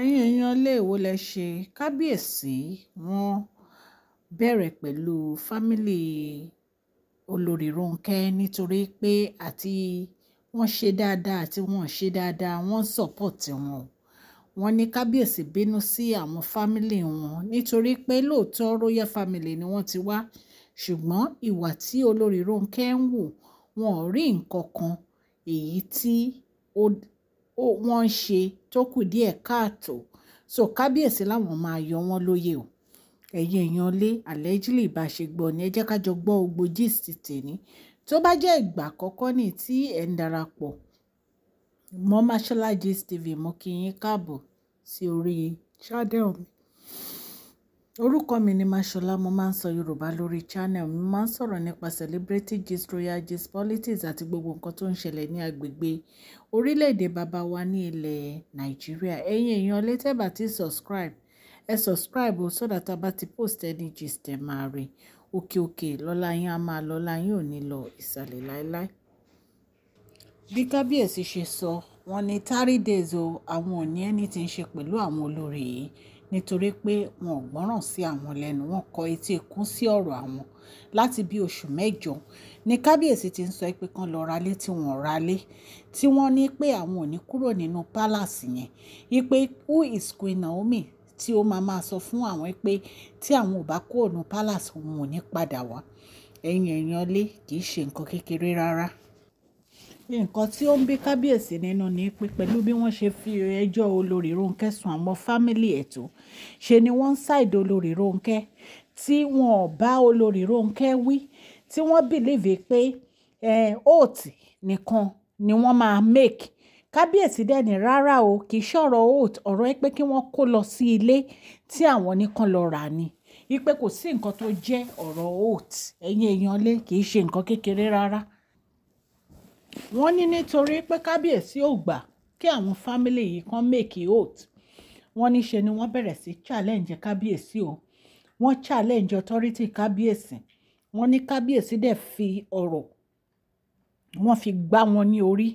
ẹ̀yin èèyàn ilé èwo lẹ ṣe kábíyèsí wọn bẹ̀rẹ̀ pẹ̀lú fámílì olórí Rónkẹ́ nítorí pé àti wọ́n ṣe dáadáa àti wọ́n ṣe dáadáa wọ́n support wọn wọ́n ní kábíyèsí bínú sí àwọn fámílì wọn nítorí pé lóòótọ́ royal family ni wọ́n ti wá ṣùgbọ́n ìwà tí olórí Rónkẹ́ ń wò wọn ò rí nǹkan kan èyí tí ó wọ́n ń ṣe tó kù díẹ̀ káàtó so kábíyèsí làwọn máa yọ wọ́n lóyè o ẹ̀yin èèyàn lé allegedly bá ni ẹ jẹ́ ká jọ gbọ́ ogbo gist tèmi tó bá jẹ́ ìgbà àkọ́kọ́ ni tí ẹ̀ ń darapọ̀ mọ́ Mashola Gist TV mo kí yín káàbọ̀ sí orí channel mi orúkọ mi ni Mashola mo máa ń sọ Yorùbá lórí channel mi máa ń sọ̀rọ̀ nípa celebrity gist royal gist politics àti gbogbo nǹkan tó ń ṣẹlẹ̀ ní agbègbè orílẹ̀-èdè baba wa ní ilẹ̀ Nàìjíríà ẹ̀yin èèyàn létẹ́bà tí subscribe ẹ subscribe o so that tá a bá ti post any gist ẹ máa rí òkè òkè lọ́la yín á máa lọ́la yín ò ní lọ ìsàlẹ̀ láéláé bí kábíyèsí ṣe sọ wọ́n ní three days o àwọn ò ní anything ṣe pẹ̀lú àwọn olórí yìí nítorí pé wọn ò gbọ́ràn sí àwọn lẹ́nu wọn kọ etí ikún sí ọ̀rọ̀ àwọn láti bí oṣù mẹ́jọ ni kábíyèsí ti ń sọ pé kán lọ ralé tí wọ́n ralé tí wọ́n ní pé àwọn ò ní kúrò nínú palace yẹn ipe who is Queen Naomi tí ó máa máa sọ fún àwọn pé tí àwọn ò bá kúrò nínú palace wọn ò ní padà wá ẹ̀yìn ẹ̀yìn ọlé kì í ṣe nǹkan kékeré rárá nǹkan tí ó ń bí kábíyèsí nínú ni pé pẹ̀lú bí wọ́n ṣe fi ẹjọ́ olórí Rónkẹ́ sùn àwọn fámìlì ẹ̀ tó ṣe ni wọ́n ń ṣàìdè olórí Rónkẹ́ tí wọn ò bá olórí Rónkẹ́ wí tí wọ́n bìlíìfì pé oòtì nìkan ni wọ́n máa make kábíyèsí dẹ̀ ní rárá o kì í ṣọ̀rọ̀ oat ọ̀rọ̀ ẹ pé kí wọ́n kó lọ sí ilé tí àwọn nìkan lọ rà ni ipe kò sí nǹkan tó jẹ́ ọ̀rọ̀ oat ẹ̀yin èèyàn lé kì í ṣe nǹkan kékeré rárá wọ́n ní nítorí pé kábíyèsí ò gbà kí àwọn fámìlì yìí kan make oath wọ́n ní ṣe ni wọ́n bẹ̀rẹ̀ sí challenge kábíyèsí o wọ́n challenge authority kábíyèsí wọ́n ní kábíyèsí dẹ̀ fi ọ̀rọ̀ wọ́n fi gbá wọn ní orí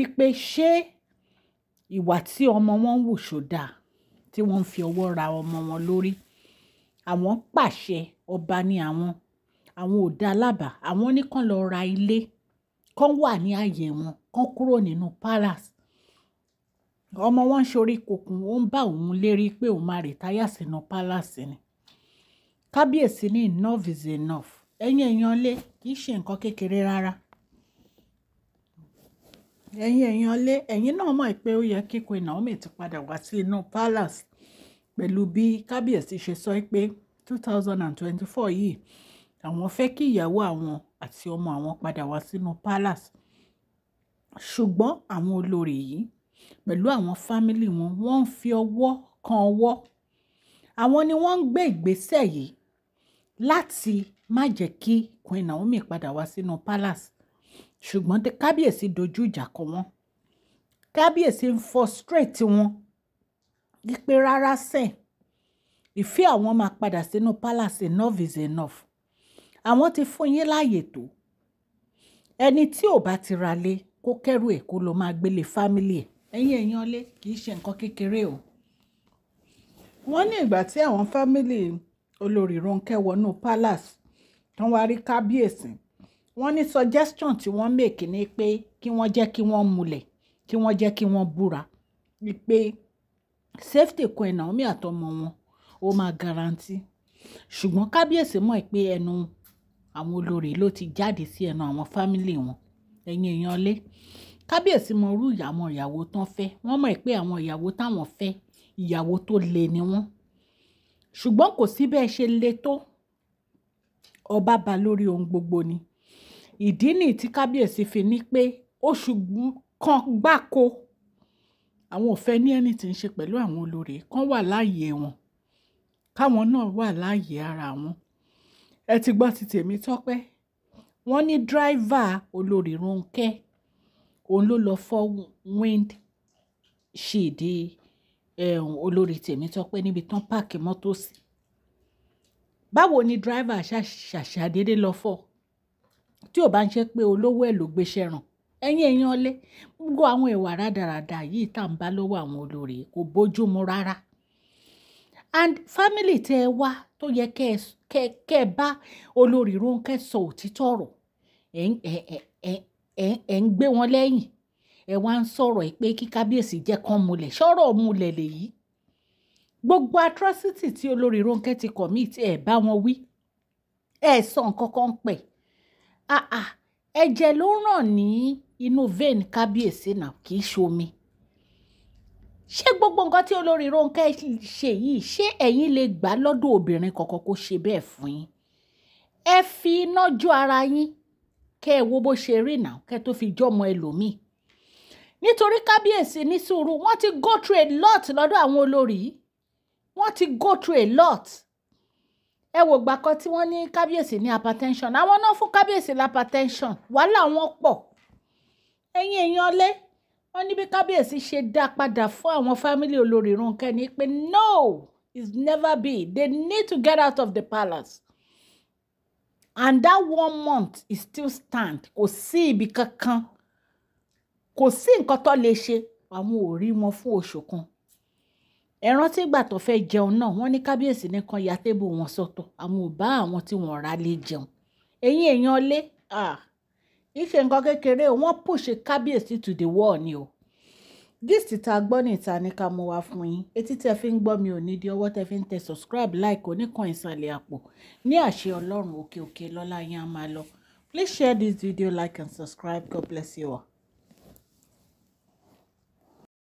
ipe ṣé ìwà tí ọmọ wọn ń wù ṣòdà tí wọ́n ń fi ọwọ́ ra ọmọ wọn lórí àwọn pàṣẹ ọba ní àwọn àwọn ò dá lábàá àwọn nìkan lọ ra ilé kán wà ní ààyè wọn kán kúrò nínú palace ọmọ wọn ń ṣorí kokùn ó ń bá òun lérí pé òun máa rìtáyà sínú palace ni kábíyèsí ní enough is enough ẹ̀yin èèyàn lé kì í ṣe nǹkan kékeré rárá ẹ̀yin èèyàn lé ẹ̀yin náà mọ̀ pé ó yẹ kí Naomi ti padà wá sí inú palace pẹ̀lú bí kábíyèsí ṣe sọ pé two thousand and twenty-four yìí àwọn fẹ́ kí ìyàwó àwọn àti ọmọ àwọn padà wá sínú palace ṣùgbọ́n àwọn olórí yìí pẹ̀lú àwọn fámìlì wọn wọ́n ń fi ọwọ́ kan ọwọ́ àwọn ni wọ́n ń gbé ìgbésẹ̀ yìí láti má jẹ́ kí Queen Naomi padà wá sínú palace ṣùgbọ́n kábíyèsí dojú ìjà kọ wọ́n kábíyèsí ń frustrate wọn wípé rárá sẹ́ẹ̀ ìfẹ́ àwọn máa padà sínú palace enough is enough àwọn ti fún yín láàyè tó ẹni tí ò bá ti ra lé kó kẹ́rù ẹ̀ kó lọ máa gbélé fámílì ẹ̀ ẹ̀yin èèyàn lé kì í ṣe nǹkan kékeré o. wọ́n ní ìgbà tí àwọn fámílì olórí Rónkẹ́ wọnú palace tán wá rí kábíyèsí wọ́n ní suggestion tí wọ́n make ni pé kí wọ́n jẹ́ kí wọ́n múlẹ̀ kí wọ́n jẹ́ kí wọ́n búra pé safety Queen Naomi àtọmọ wọn ó máa guarantee ṣùgbọ́n kábíyèsí mọ̀ pé ẹnu àwọn olórí ló ti jáde sí ẹnu àwọn fámìlì wọn ẹ̀yin èèyàn lé kábíyèsí mọ irú ìyàwó ìyàwó tán fẹ́ wọ́n mọ̀ pé àwọn ìyàwó táwọn fẹ́ ìyàwó tó le ni wọ́n ṣùgbọ́n kò sí bẹ́ẹ̀ ṣe le tó ọba ba lórí ohun gbogbo ni ìdí nìyí tí kábíyèsí fi ní pé oṣù kan gbáko àwọn ò fẹ́ ní ẹni tí ń ṣe pẹ̀lú àwọn olórí kan wà láàyè wọn káwọn náà wà láàyè ara wọn ẹ ti gbọ́ ti tèmi tọ́pẹ́ wọ́n ní dírìvà olórí Rónkẹ́ òun ló lọ fọ́ wind ṣèdè eh, olórí tèmi tọ́pẹ́ níbi tán páàkì mọ́tò sí báwo ni dírìvà ṣàṣàdédé lọ fọ́ tí ò bá ń ṣe pé olówó ẹ̀ ló gbéṣẹ́ ràn ẹ̀yin èèyàn ọlẹ́ gbogbo àwọn ìwà rádaràda yìí tá à ń bá lọ́wọ́ àwọn olórí kò bójú mu rárá and family tẹ ẹ wá tó yẹ kẹ kẹ kẹ bá olórí Rónkẹ́ sọ òtítọ́ ọ̀rọ̀ ẹ ẹ ẹ ẹ ẹ ń gbé wọn lẹ́yìn ẹ wá ń sọ̀rọ̀ ẹ pé kí kábíyèsí jẹ́ kán múlẹ̀ sọ̀rọ̀ múlẹ̀ lèyí gbogbo atrocity tí olórí Rónkẹ́ ti commit ẹ bá wọn wí ẹ sọ nǹkan kan pẹ ẹ̀jẹ̀ ló ràn ní inú vein kábíyèsí náà kì í ṣomi ṣé gbogbo nǹkan tí olórí Rónkẹ́ ṣe yìí ṣé ẹ̀yin lè gbà lọ́dọ̀ obìnrin kọ̀ọ̀kan kó ṣe bẹ́ẹ̀ fún yín ẹ fi iná jó ara yín kẹ́ ẹ wo bó ṣe rí nà kẹ́ ẹ tó fi jọ́mọ ẹlòmíì nítorí kábíyèsí ní sùúrù wọ́n ti go through a lot lọ́dọ̀ àwọn olórí wọ́n ti go through a lot ẹ wò gbà kan tí wọ́n ní kábíyèsí ní hypertension àwọn náà fún kábíyèsí hypertension wàhálà wọn pọ̀ ẹ̀yin èèyàn lé wọ́n ní bí kábíyèsí ṣe dá padà fún àwọn fámílì olórí Ronke ni pé no it's never be they need to get out of the palace and that one month is still stand kò sí ibi kankan kò sí nǹkan tó lè ṣe àwọn ò rí wọn fún oṣù kan ẹran tí ìgbà tó fẹ́ jẹun náà wọ́n ní kábíyèsí nìkan ya tébù wọn sọ́tọ̀ àwọn ò bá àwọn tí wọ́n rà lè jẹun ẹ̀yin èèyàn lé ah ìṣe nǹkan kékeré wọ́n pùṣe kábíyèsí to the wall ni o gist tá a gbọ́ ní ìta ní ká mú wá fún yín etí tẹ́ fi ń gbọ́ mi ò ní di ọwọ́ tẹ́ fi ń tẹ subscribe like oníkan ìsàlẹ̀ àpò ní àṣẹ ọlọ́run òkè òkè lọ́lá yín á máa lọ please share this video like and subscribe god bless you all.